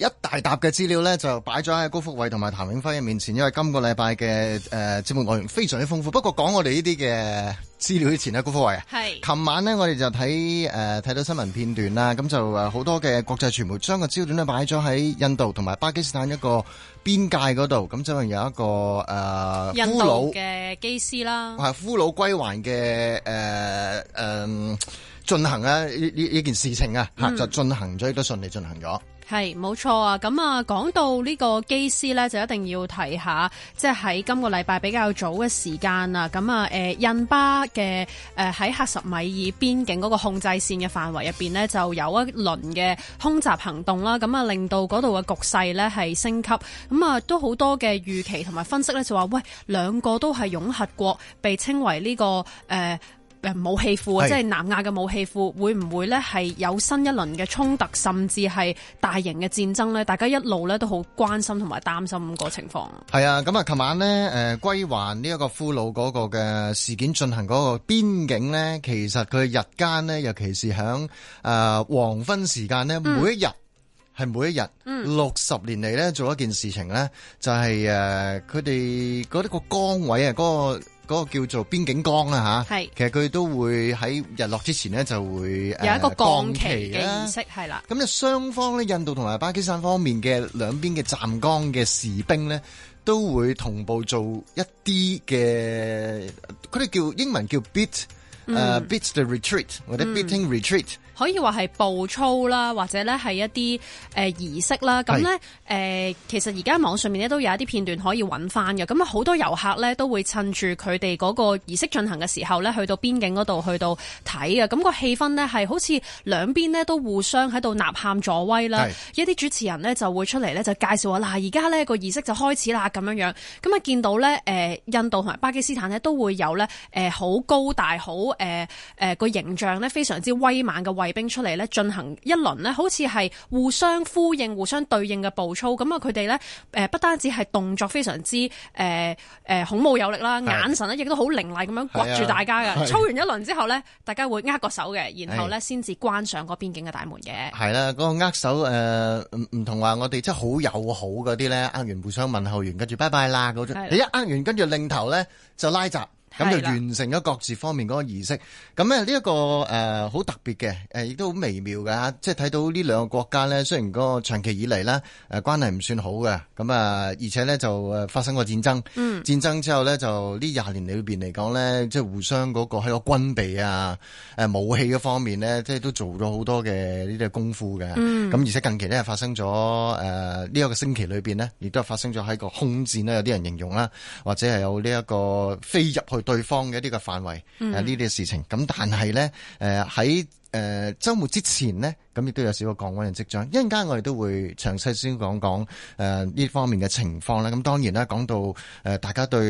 一大沓嘅資料咧，就擺咗喺高福偉同埋譚永輝嘅面前，因為今個禮拜嘅誒節目內容非常之豐富。不過講我哋呢啲嘅資料之前咧，高福偉啊，係是，琴晚咧我哋就睇誒睇到新聞片段啦，咁就誒好多嘅國際傳媒將個焦點咧擺咗喺印度同埋巴基斯坦一個邊界嗰度，咁就係有一個誒俘虜嘅機師啦，係俘虜歸還嘅誒誒進行咧呢呢呢件事情啊，吓、嗯、就進行咗，亦都順利進行咗。係冇錯啊，咁啊講到呢個機師呢，就一定要提下，即係喺今個禮拜比較早嘅時間啊，咁啊，誒、呃，印巴嘅誒喺喀什米爾邊境嗰個控制線嘅範圍入邊呢，就有一輪嘅空襲行動啦，咁啊令到嗰度嘅局勢呢係升級，咁啊都好多嘅預期同埋分析呢，就話，喂，兩個都係擁核國，被稱為呢、這個誒。呃誒，武器庫啊，是即係南亞嘅武器庫，會唔會咧係有新一輪嘅衝突，甚至係大型嘅戰爭咧？大家一路咧都好關心同埋擔心個情況。係啊，咁啊，琴晚咧，誒歸還呢一個俘虜嗰個嘅事件進行嗰個邊境咧，其實佢日間咧，尤其是響誒、呃、黃昏時間咧，每一日係、嗯、每一日六十年嚟咧做一件事情咧，就係誒佢哋嗰啲個崗位啊，嗰、那個。嗰個叫做邊境江啦嚇，是其實佢都會喺日落之前咧就會、呃、有一個降旗嘅儀式係啦。咁就雙方咧，印度同埋巴基斯坦方面嘅兩邊嘅站崗嘅士兵咧，都會同步做一啲嘅，佢哋叫英文叫 beat 誒、uh, beats the、mm. retreat 可以話係暴操啦，或者咧係一啲誒、呃、儀式啦。咁咧誒，其實而家網上面咧都有一啲片段可以揾翻嘅。咁啊好多遊客咧都會趁住佢哋嗰個儀式進行嘅時候咧，去到邊境嗰度去到睇嘅。咁、那個氣氛呢係好似兩邊呢都互相喺度吶喊助威啦。是一啲主持人呢就會出嚟咧就介紹話嗱，而家、啊、呢、那個儀式就開始啦咁樣樣。咁啊見到咧誒、呃、印度同埋巴基斯坦呢都會有咧誒好高大好。誒誒個形象呢非常之威猛嘅衛兵出嚟呢進行一輪呢好似係互相呼應、互相對應嘅步操。咁啊，佢哋呢，誒、呃、不單止係動作非常之誒誒、呃呃、孔武有力啦，的眼神呢亦都好凌厲咁樣掘住大家嘅。操完一輪之後呢，大家會握個手嘅，然後呢先至關上個邊境嘅大門嘅。係啦，嗰、那個握手誒唔同話我哋即係好友好嗰啲呢，握完互相問候完，跟住拜拜啦你、那個、的一握完跟住擰頭呢，就拉閘。咁就完成咗各自方面嗰個儀式。咁咧呢一個誒好、呃、特別嘅，誒、呃、亦都好微妙嘅。即係睇到呢兩個國家咧，雖然個長期以嚟咧誒關係唔算好嘅。咁、呃、啊，而且咧就誒發生過戰爭嗯。戰爭之後咧，就呢廿年裏邊嚟講咧，即係互相嗰個喺個軍備啊、誒、呃、武器嗰方面咧，即係都做咗好多嘅呢啲功夫嘅。嗯。咁而且近期咧係發生咗誒呢一個星期裏邊咧，亦都係發生咗喺個空戰啦，有啲人形容啦，或者係有呢一個飛入去。對方嘅呢個範圍，呢、啊、啲事情，咁但係咧，誒喺誒周末之前呢，咁亦都有少個降溫嘅跡象。一陣間我哋都會詳細先講講誒呢方面嘅情況啦。咁當然啦，講到誒、呃、大家對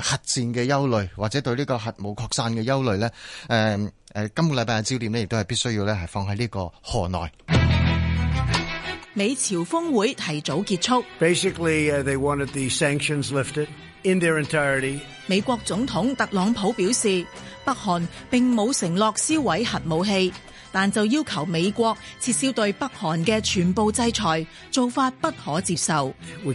核戰嘅憂慮，或者對呢個核武擴散嘅憂慮呢，誒、呃、誒、呃、今個禮拜嘅焦點呢，亦都係必須要咧係放喺呢個河內。嗯美朝峰會提早結束。Basically, they wanted the sanctions lifted in their entirety. 美國總統特朗普表示，北韓並冇承諾銷毀核武器，但就要求美國撤銷對北韓嘅全部制裁，做法不可接受。We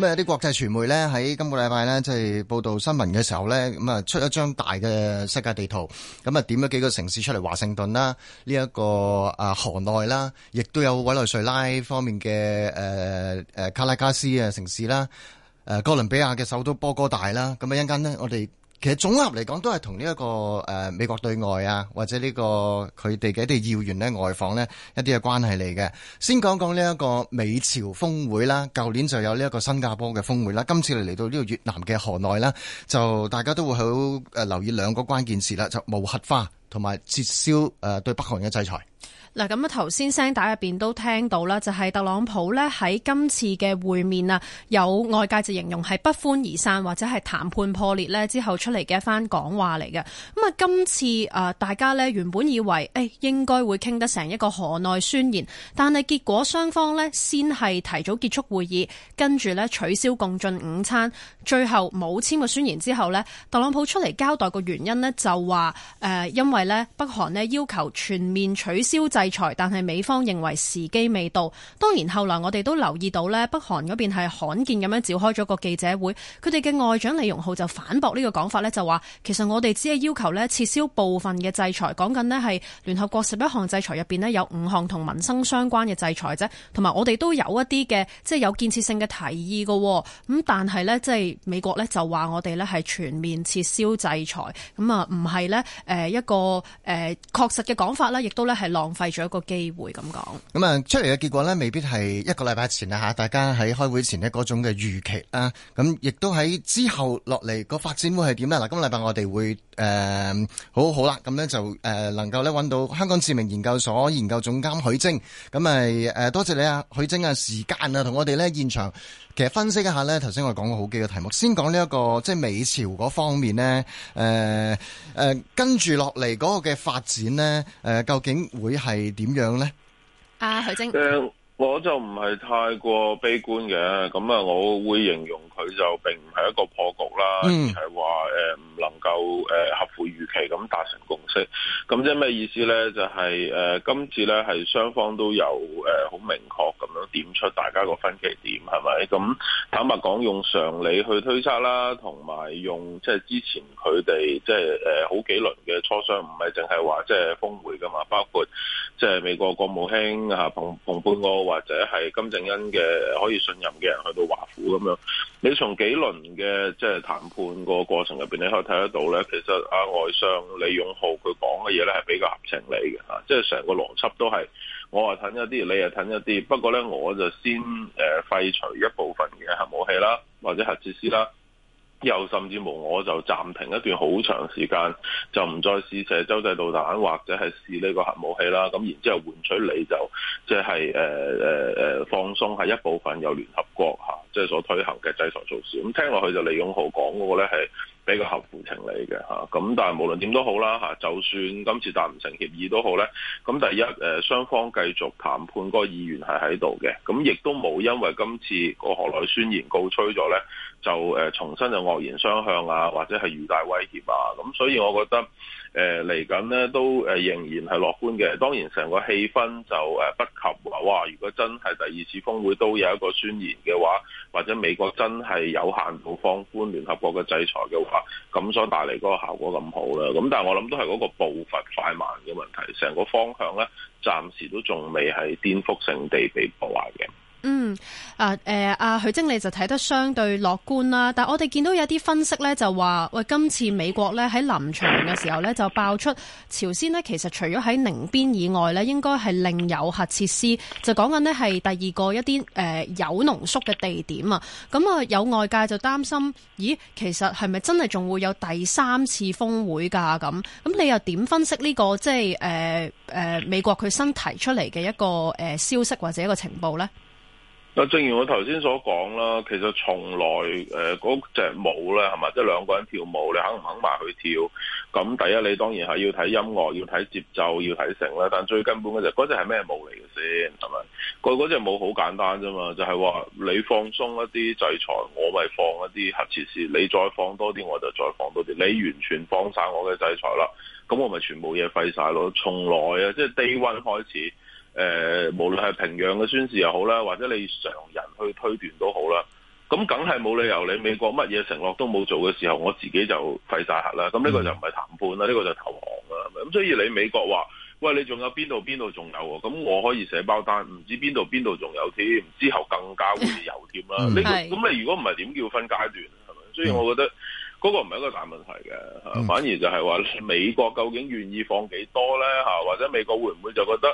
咁啊，啲國際傳媒咧喺今個禮拜咧，即係報導新聞嘅時候咧，咁啊出一張大嘅世界地圖，咁啊點咗幾個城市出嚟，華盛頓啦，呢、這、一個啊河內啦，亦都有委內瑞拉方面嘅誒、呃、卡拉加斯嘅城市啦，誒哥倫比亞嘅首都波哥大啦，咁啊一陣間咧，我哋。其實總合嚟講都係同呢一個誒、呃、美國對外啊，或者呢、這個佢哋嘅一啲要員呢外訪呢，一啲嘅關係嚟嘅。先講講呢一個美朝峰會啦，舊年就有呢一個新加坡嘅峰會啦，今次嚟到呢個越南嘅河內啦，就大家都會好誒留意兩個關鍵詞啦，就冇核化同埋撤銷誒對北韓嘅制裁。嗱，咁啊，頭先聲打入邊都聽到啦，就係、是、特朗普咧喺今次嘅會面啊，有外界就形容係不歡而散或者係談判破裂咧之後出嚟嘅一番講話嚟嘅。咁啊，今次啊、呃，大家咧原本以為誒、哎、應該會傾得成一個河內宣言，但係結果雙方咧先係提早結束會議，跟住咧取消共進午餐，最後冇簽個宣言之後咧，特朗普出嚟交代個原因咧就話誒、呃、因為咧北韓咧要求全面取消制制裁，但係美方認為時機未到。當然後來我哋都留意到咧，北韓嗰邊係罕見咁樣召開咗個記者會。佢哋嘅外長李勇浩就反駁呢個講法咧，就話其實我哋只係要求咧撤銷部分嘅制裁，講緊咧係聯合國十一項制裁入邊咧有五項同民生相關嘅制裁啫。同埋我哋都有一啲嘅即係有建設性嘅提議噶。咁但係咧即係美國咧就話我哋咧係全面撤銷制裁，咁啊唔係咧誒一個誒確實嘅講法啦，亦都咧係浪費。一咁咁啊出嚟嘅結果呢，未必係一個禮拜前啊大家喺開會前咧嗰種嘅預期啦，咁亦都喺之後落嚟個發展會係點呢？嗱，今個禮拜我哋會誒、呃、好好啦，咁呢，就誒能夠呢揾到香港智明研究所研究總監許楨，咁咪多謝你啊，許楨啊，時間啊，同我哋呢現場。其實分析一下咧，頭先我哋講過好幾個題目，先講呢、這、一個即係美朝嗰方面咧，誒誒跟住落嚟嗰個嘅發展咧，誒、呃、究竟會係點樣咧？阿許楨。我就唔係太過悲觀嘅，咁啊，我會形容佢就並唔係一個破局啦，而係話唔能夠合乎預期咁達成共識。咁即係咩意思咧？就係誒今次咧係雙方都有誒好明確咁樣點出大家個分歧點，係咪？咁坦白講，用常理去推測啦，同埋用即係之前佢哋即係好幾輪嘅磋商，唔係淨係話即係峰會噶嘛，包括即係美國國務卿啊，蓬佩奧。或者係金正恩嘅可以信任嘅人去到華府咁樣，你從幾輪嘅即係談判個過程入邊，你可以睇得到咧，其實啊外相李勇浩佢講嘅嘢咧係比較合情理嘅吓，即係成個邏輯都係我話褪一啲，你又褪一啲，不過咧我就先誒廢除一部分嘅核武器啦，或者核設施啦。又甚至乎我就暫停一段好長時間，就唔再試射洲際導彈，或者係試呢個核武器啦。咁然之後換取你就即係誒誒誒放鬆，係一部分由聯合國即係所推行嘅制裁措施。咁聽落去就李永浩講嗰個咧係，比較合乎情理嘅。咁但係無論點都好啦，就算今次達唔成協議都好咧，咁第一雙方繼續談判個意願係喺度嘅，咁亦都冇因為今次個河內宣言告吹咗咧，就重新就惡言相向啊，或者係巨大威脅啊，咁所以我覺得誒嚟緊咧都仍然係樂觀嘅，當然成個氣氛就不及啊，哇！如果真係第二次峰會都有一個宣言嘅話，或者美國真係有限度放寬聯合國嘅制裁嘅話，咁所帶嚟嗰個效果咁好啦，咁但係我諗都係嗰個步伐快慢嘅問題，成個方向咧，暫時都仲未係顛覆性地被破壞嘅。嗯，啊，誒、呃，阿許楨你就睇得相對樂觀啦。但係我哋見到有啲分析呢，就話喂，今次美國呢，喺臨場嘅時候呢，就爆出朝鮮呢，其實除咗喺寧邊以外呢，應該係另有核設施，就講緊呢，係第二個一啲誒、呃、有濃縮嘅地點啊。咁、嗯、啊、呃，有外界就擔心，咦，其實係咪真係仲會有第三次峰會噶？咁咁，你又點分析呢、這個即係誒誒美國佢新提出嚟嘅一個誒、呃、消息或者一個情報呢。嗱，正如我頭先所講啦，其實從來誒嗰、呃、隻舞咧，係咪即係兩個人跳舞，你肯唔肯埋去跳？咁第一，你當然係要睇音樂，要睇節奏，要睇成啦。但最根本嘅就係、是、嗰隻係咩舞嚟嘅先係咪？佢嗰隻舞好簡單啫嘛，就係、是、話你放鬆一啲制裁，我咪放一啲核設施，你再放多啲，我就再放多啲，你完全放晒我嘅制裁啦。咁我咪全部嘢廢晒咯。從來啊，即係 day one 開始。誒、呃，無論係平壤嘅宣示又好啦，或者你常人去推斷都好啦，咁梗係冇理由你美國乜嘢承諾都冇做嘅時候，我自己就廢晒核啦。咁呢個就唔係談判啦，呢、這個就投降啦。咁所以你美國話喂，你仲有邊度邊度仲有？咁我可以寫包單，唔知邊度邊度仲有添，之後更加會有添啦。呢個咁你如果唔係點叫分階段？係咪？所以我覺得嗰、那個唔係一個大問題嘅，反而就係話美國究竟願意放幾多呢？吓，或者美國會唔會就覺得？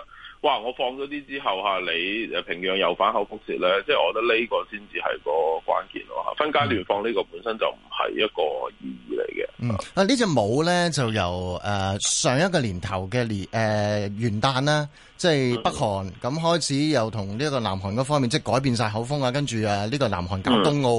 哇！我放咗啲之後吓，你平壤又反口覆舌咧，即係我覺得呢個先至係個關鍵咯。吓，分階段放呢個本身就唔係一個意義嚟嘅。嗯，啊呢隻舞咧就由誒、呃、上一個年頭嘅年誒、呃、元旦啦。即係北韓咁開始又同呢個南韓嗰方面即係改變晒口風啊！跟住啊呢個南韓搞東澳、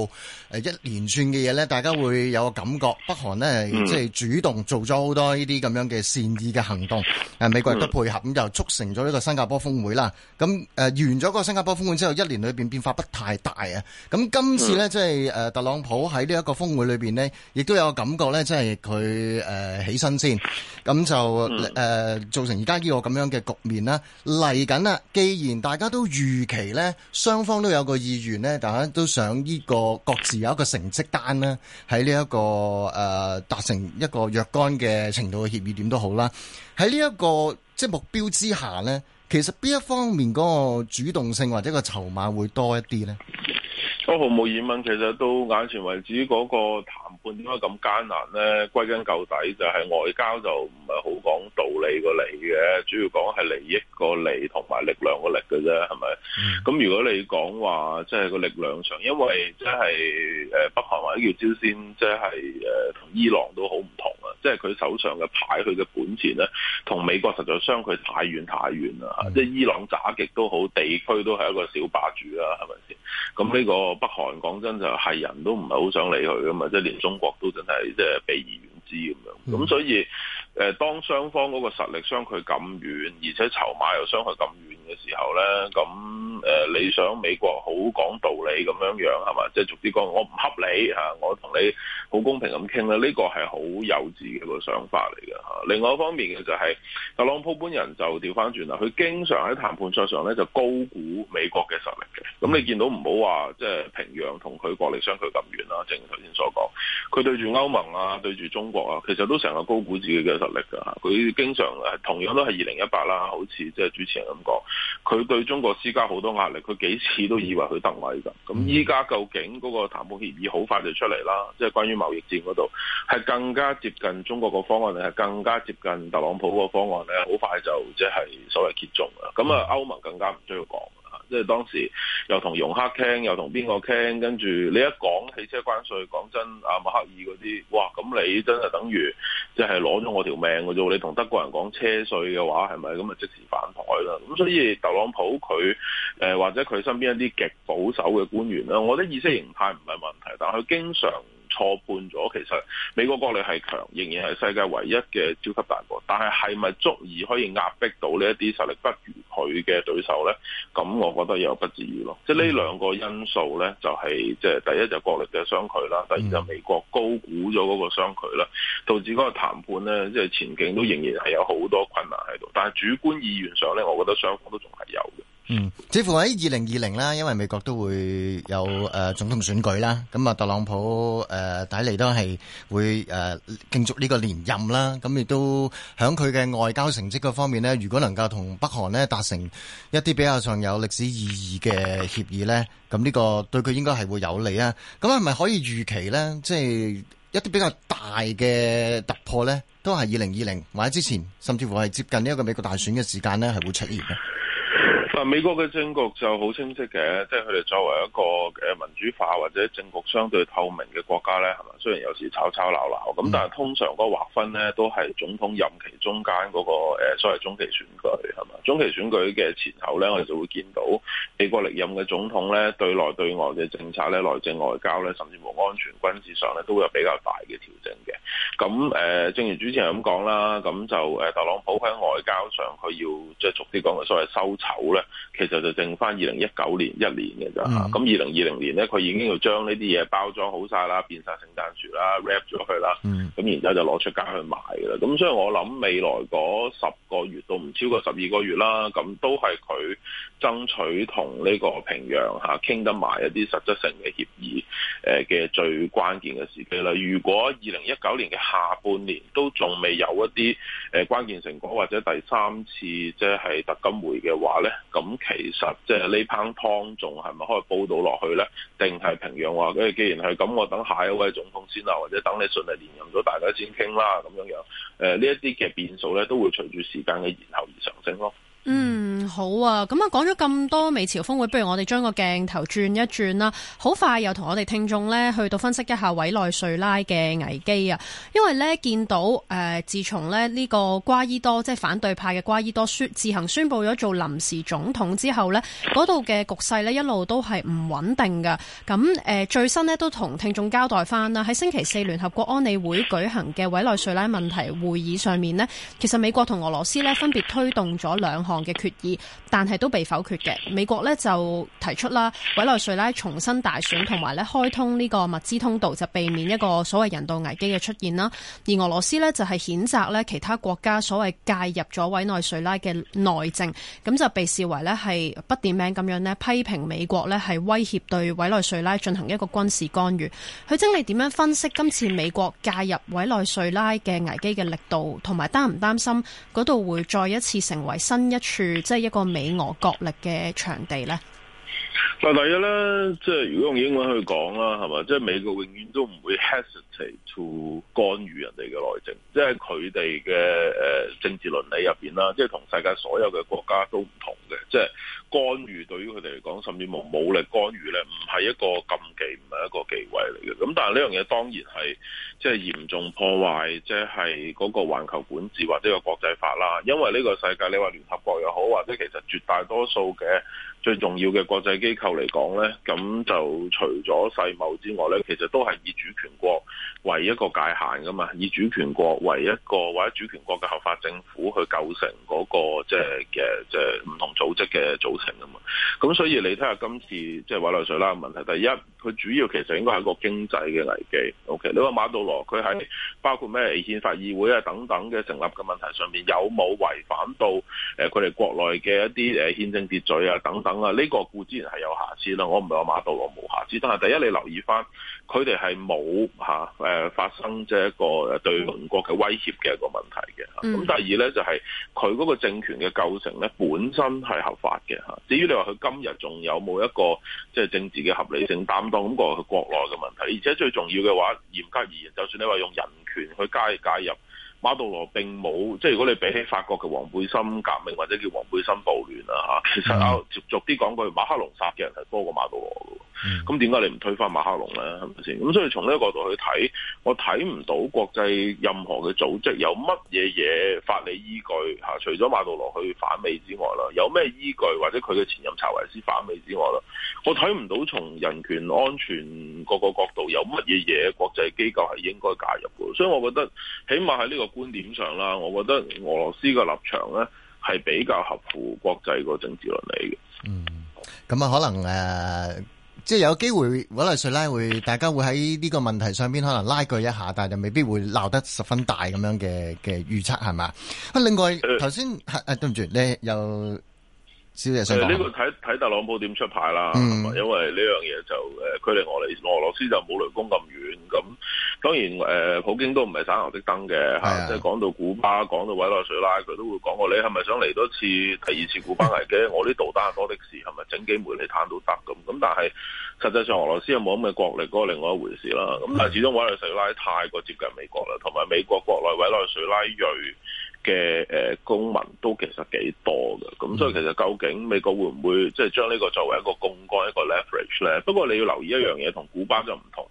mm. 一連串嘅嘢呢，大家會有個感覺，北韓呢，即係、mm. 主動做咗好多呢啲咁樣嘅善意嘅行動，啊、美國亦都配合咁促成咗呢個新加坡峰會啦。咁誒完咗個新加坡峰會之後，一年裏面變化不太大啊。咁今次呢，即係誒特朗普喺呢一個峰會裏面呢，亦都有個感覺呢，即係佢誒起身先，咁就、mm. 呃、造成而家呢個咁樣嘅局面啦。嚟緊啦！既然大家都預期呢，雙方都有個意願呢，大家都想呢個各自有一個成績單呢，喺呢一個誒，達成一個若干嘅程度嘅協議點都好啦。喺呢一個即係目標之下呢，其實邊一方面嗰個主動性或者個籌碼會多一啲呢？都毫無疑問，其實都眼前為止嗰、那個談判點解咁艱難呢？歸根究底就係、是、外交就唔係好講道理個理嘅，主要講係利益個利同埋力量個力嘅啫，係咪？咁、嗯嗯、如果你講話即係個力量上，因為即係、就是、北韓或者叫朝鮮，即係同伊朗都好唔同啊，即係佢手上嘅牌，佢嘅本錢呢同美國實在相距太遠太遠啦。嗯、即係伊朗打極都好，地區都係一個小霸主啦、啊，係咪先？咁呢、這個北韓講真就係人都唔係好想理佢噶嘛，即係連中國都真係即係避而遠之咁樣，咁所以。嗯誒，當雙方嗰個實力相距咁遠，而且籌碼又相距咁遠嘅時候咧，咁誒、呃，你想美國好講道理咁樣樣係嘛？即係、就是、逐啲講，我唔合理，我同你好公平咁傾咧，呢個係好幼稚嘅個想法嚟嘅。另外一方面嘅就係、是、特朗普本人就調翻轉啦，佢經常喺談判桌上咧就高估美國嘅實力嘅。咁你見到唔好話即係平壤同佢國力相距咁遠啦，正如頭先所講，佢對住歐盟啊，對住中國啊，其實都成日高估自己嘅實力。力噶，佢經常誒同樣都係二零一八啦，好似即係主持人咁講，佢對中國施加好多壓力，佢幾次都以為佢登位噶。咁依家究竟嗰個談判協議好快就出嚟啦，即係關於貿易戰嗰度，係更加接近中國個方案，定係更加接近特朗普個方案咧？好快就即係所謂揭盅啦。咁啊，歐盟更加唔需要講啦，即係當時又同容克傾，又同邊個傾，跟住你一講汽車關稅，講真，阿默克爾嗰啲，哇，咁你真係等於。即係攞咗我條命嘅啫，你同德國人講車稅嘅話係咪咁啊？咪即時反台啦！咁所以特朗普佢誒或者佢身邊一啲極保守嘅官員啦，我覺得意識形態唔係問題，但係佢經常。錯判咗，其實美國國力係強，仍然係世界唯一嘅超級大國，但係係咪足以可以壓迫到呢一啲實力不如佢嘅對手呢？咁我覺得又不至於咯。即係呢兩個因素呢，就係即係第一就國力嘅相距啦，第二就美國高估咗嗰個相距啦，導致嗰個談判呢，即係前景都仍然係有好多困難喺度。但係主觀意願上呢，我覺得雙方都仲係有嘅。嗯，似乎喺二零二零啦，因為美國都會有誒、呃、總統選舉啦，咁啊特朗普誒睇嚟都係會誒、呃、競逐呢個連任啦，咁亦都響佢嘅外交成績嗰方面呢，如果能夠同北韓呢達成一啲比較上有歷史意義嘅協議呢，咁呢個對佢應該係會有利啊。咁係咪可以預期呢？即、就、係、是、一啲比較大嘅突破呢，都係二零二零或者之前，甚至乎係接近呢一個美國大選嘅時間呢，係會出現嘅。美國嘅政局就好清晰嘅，即係佢哋作為一個呃民主化或者政局相對透明嘅國家咧，係咪？雖然有時吵吵鬧鬧，咁但係通常嗰個劃分咧都係總統任期中間嗰、嗰個、呃、所謂中期選舉係嘛？中期選舉嘅前後咧，我哋就會見到美國歷任嘅總統咧對內對外嘅政策咧，內政外交咧，甚至乎安全軍事上咧都會有比較大嘅調整嘅。咁、呃、正如主持人咁講啦，咁就呃、特朗普喺外交上佢要即係逐啲講嘅所謂嘅收籌咧。其實就剩翻二零一九年一年嘅咋、啊。咁二零二零年咧，佢已經要將呢啲嘢包裝好曬啦，變曬聖誕樹啦 rap 咗佢啦，咁、mm hmm. 然之後就攞出街去買嘅啦。咁所以我諗未來嗰十個月到唔超過十二個月啦，咁都係佢爭取同呢個平壤嚇傾得埋一啲實質性嘅協議。誒嘅最關鍵嘅時期啦，如果二零一九年嘅下半年都仲未有一啲誒關鍵成果或者第三次即係特金會嘅話咧，咁其實即係呢樁湯仲係咪可以煲到落去咧？定係平壤話，因既然係咁，我等下一位總統先啦，或者等你順利連任咗大家先傾啦，咁樣樣呢一啲嘅變數咧，都會隨住時間嘅延後而上升咯。嗯，好啊！咁啊，講咗咁多美朝峰會，不如我哋將個鏡頭轉一轉啦。好快又同我哋聽眾咧去到分析一下委內瑞拉嘅危機啊！因為咧見到誒、呃，自從咧呢個瓜伊多即係反對派嘅瓜伊多宣自行宣布咗做臨時總統之後咧，嗰度嘅局勢咧一路都係唔穩定嘅。咁誒、呃，最新咧都同聽眾交代翻啦，喺星期四聯合國安理會舉行嘅委內瑞拉問題會議上面咧，其實美國同俄羅斯咧分別推動咗兩項。嘅決議。但係都被否決嘅。美國咧就提出啦，委內瑞拉重新大選，同埋咧開通呢個物資通道，就避免一個所謂人道危機嘅出現啦。而俄羅斯咧就係、是、譴責咧其他國家所謂介入咗委內瑞拉嘅內政，咁就被視為咧係不點名咁樣咧批評美國咧係威脅對委內瑞拉進行一個軍事干預。許楨你點樣分析今次美國介入委內瑞拉嘅危機嘅力度，同埋擔唔擔心嗰度會再一次成為新一處即係、就是、一個美。俾我角力嘅場地咧，嗱第一咧，即係如果用英文去講啦，係嘛，即係美國永遠都唔會 hesitate to 干預人哋嘅內政，即係佢哋嘅誒政治倫理入邊啦，即係同世界所有嘅國家都唔同嘅，即係。干預對於佢哋嚟講，甚至冇武力干預咧，唔係一個禁忌，唔係一個忌諱嚟嘅。咁但係呢樣嘢當然係即係嚴重破壞，即係嗰個環球管治或者個國際法啦。因為呢個世界你話聯合國又好，或者其實絕大多數嘅最重要嘅國際機構嚟講咧，咁就除咗世貿之外咧，其實都係以主權國為一個界限噶嘛，以主權國為一個或者主權國嘅合法政府去構成嗰、那個即係嘅即係唔同組織嘅組織。咁所以你睇下今次即係委內瑞拉嘅問題，第一佢主要其實應該係一個經濟嘅危機。O.K. 你話馬杜羅佢係包括咩憲法議會啊等等嘅成立嘅問題上面，有冇違反到誒佢哋國內嘅一啲誒憲政秩序啊等等啊？呢個固之然係有瑕疵啦，我唔係話馬杜羅冇瑕疵，但係第一你留意翻佢哋係冇嚇誒發生即係一個對鄰國嘅威脅嘅一個問題嘅。咁第二呢，就係佢嗰個政權嘅構成呢，本身係合法嘅。至於你話佢今日仲有冇一個即係政治嘅合理性擔當咁過去國內嘅問題，而且最重要嘅話，嚴格而言，就算你話用人權去加介入。馬杜羅並冇即係如果你比起法國嘅黃背心革命或者叫黃背心暴亂啊嚇，其實啊逐啲講句，馬克龍殺嘅人係多過馬杜羅嘅。咁點解你唔推翻馬克龍咧？係咪先？咁所以從呢個角度去睇，我睇唔到國際任何嘅組織有乜嘢嘢法理依據嚇，除咗馬杜羅去反美之外啦，有咩依據或者佢嘅前任查維斯反美之外啦，我睇唔到從人權安全個個角度有乜嘢嘢國際機構係應該介入嘅。所以，我覺得起碼喺呢個觀點上啦，我覺得俄羅斯嘅立場咧係比較合乎國際個政治倫理嘅。嗯。咁啊，可能誒、呃，即係有機會，委內瑞拉會大家會喺呢個問題上邊可能拉鋸一下，但係就未必會鬧得十分大咁樣嘅嘅預測係嘛、欸？啊，另外頭先誒對唔住，你有少少想講。呢個睇睇特朗普點出牌啦。嗯、因為呢樣嘢就誒，距離俄，俄羅斯就冇雷公咁遠咁。當然，誒普京都唔係省油的燈嘅嚇，即係講到古巴，講到委內瑞拉，佢都會講過你係咪想嚟多次第二次古巴危機？ 我呢導彈多的是，係咪整幾枚你攤都得咁？咁但係實際上俄羅斯有冇咁嘅國力，嗰個另外一回事啦。咁但係始終委內瑞拉太過接近美國啦，同埋美國國內委內瑞拉裔嘅誒公民都其實幾多嘅。咁所以其實究竟美國會唔會即係、就是、將呢個作為一個槓桿、一個 leverage 咧？不過你要留意一樣嘢，同古巴就唔同。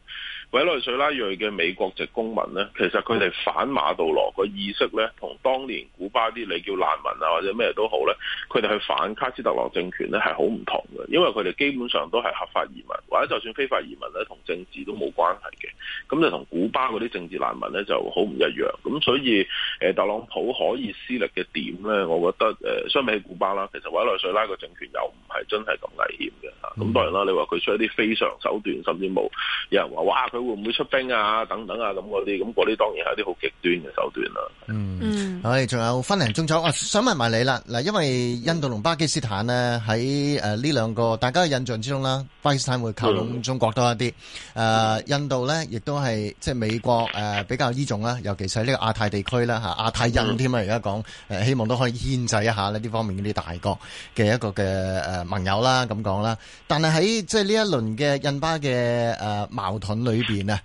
委內瑞拉裔嘅美國籍公民咧，其實佢哋反馬杜羅個意識咧，同當年古巴啲你叫難民啊或者咩都好咧，佢哋去反卡斯特羅政權咧係好唔同嘅，因為佢哋基本上都係合法移民，或者就算非法移民咧，同政治都冇關係嘅，咁就同古巴嗰啲政治難民咧就好唔一樣。咁所以，誒特朗普可以施力嘅點咧，我覺得誒相比起古巴啦，其實委內瑞拉個政權又唔係真係咁危險。咁、嗯、當然啦，你話佢出一啲非常手段，甚至冇有，有人話，哇，佢會唔會出兵啊？等等啊，咁嗰啲，咁嗰啲當然係一啲好極端嘅手段啦。嗯，我哋仲、嗯、有分零鐘咗啊！想問埋你啦，嗱，因為印度同巴基斯坦呢，喺呢、呃、兩個大家嘅印象之中啦，嗯、巴基斯坦會靠攏中國多一啲、呃，印度呢，亦都係即係美國誒、呃、比較倚重啦，尤其是呢個亞太地區啦嚇、啊，亞太印添啊，而家講希望都可以牽制一下呢呢方面啲大國嘅一個嘅盟友啦，咁講啦。但係喺即係呢一輪嘅印巴嘅誒矛盾裏邊啊，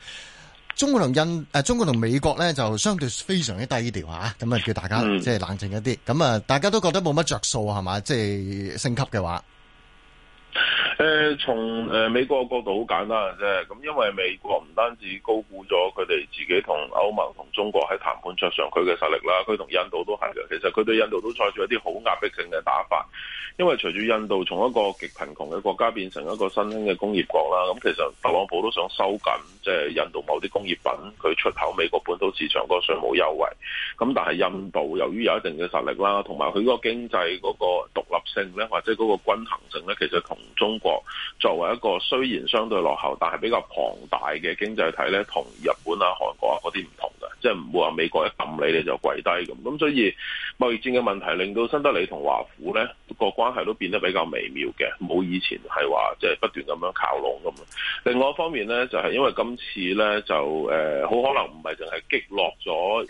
中國同印誒中國同美國咧就相對非常之低調吓，咁啊叫大家即係冷靜一啲，咁啊、嗯、大家都覺得冇乜着數係嘛，即係、就是、升級嘅話。誒從誒美國嘅角度好簡單嘅啫，咁因為美國唔單止高估咗佢哋自己同歐盟同中國喺談判桌上佢嘅實力啦，佢同印度都係嘅。其實佢對印度都採取一啲好壓迫性嘅打法，因為隨住印度從一個極貧窮嘅國家變成一個新興嘅工業國啦，咁其實特朗普都想收緊即係印度某啲工業品佢出口美國本土市場嗰個稅務優惠。咁但係印度由於有一定嘅實力啦，同埋佢嗰個經濟嗰個獨立性咧，或者嗰個均衡性咧，其實同中國。作為一個雖然相對落後，但係比較龐大嘅經濟體咧，同日本啊、韓國啊嗰啲唔同嘅，即係唔會話美國一撳你你就跪低咁。咁所以貿易戰嘅問題令到新德里同華府咧個關係都變得比較微妙嘅，冇以前係話即係不斷咁樣靠攏咁。另外一方面咧，就係因為今次咧就誒好可能唔係淨係擊落咗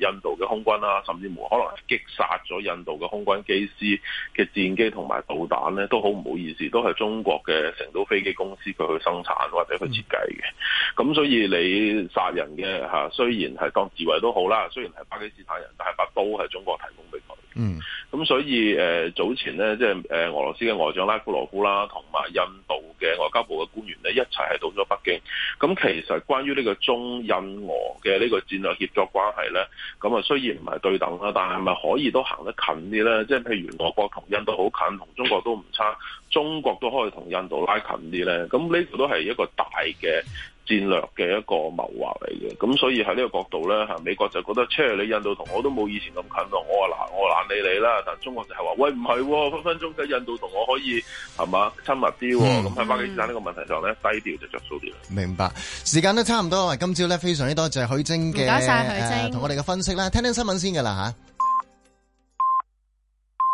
誒印度嘅空軍啦，甚至乎可能係擊殺咗印度嘅空軍機師嘅戰機同埋導彈咧，都好唔好意思，都係中。中國嘅成都飛機公司佢去生產或者去設計嘅，咁，嗯，所以你殺人嘅吓，雖然係當自衛都好啦，雖然係巴基斯坦人，但係把刀係中國提供俾佢。嗯，咁所以誒早前咧，即係誒俄羅斯嘅外長拉夫羅夫啦，同埋印度嘅外交部嘅官員咧，一齊係到咗北京。咁其實關於呢個中印俄嘅呢個戰略協作關係咧，咁啊雖然唔係對等啦，但係係咪可以都行得近啲咧？即係譬如俄國同印度好近，同中國都唔差。中國都可以同印度拉近啲咧，咁呢個都係一個大嘅戰略嘅一個謀劃嚟嘅，咁所以喺呢個角度咧，嚇美國就覺得，車你印度同我都冇以前咁近咯，我話嗱，我懶理你啦，但中國就係話，喂唔係，分分鐘嘅印度同我可以係嘛親密啲，哦，咁喺巴基斯坦呢個問題上咧，低調就着數啲啦。明白，時間都差唔多，咁啊，今朝咧非常之多謝許楨嘅，唔該曬許楨同我哋嘅分析啦，聽聽新聞先㗎啦嚇。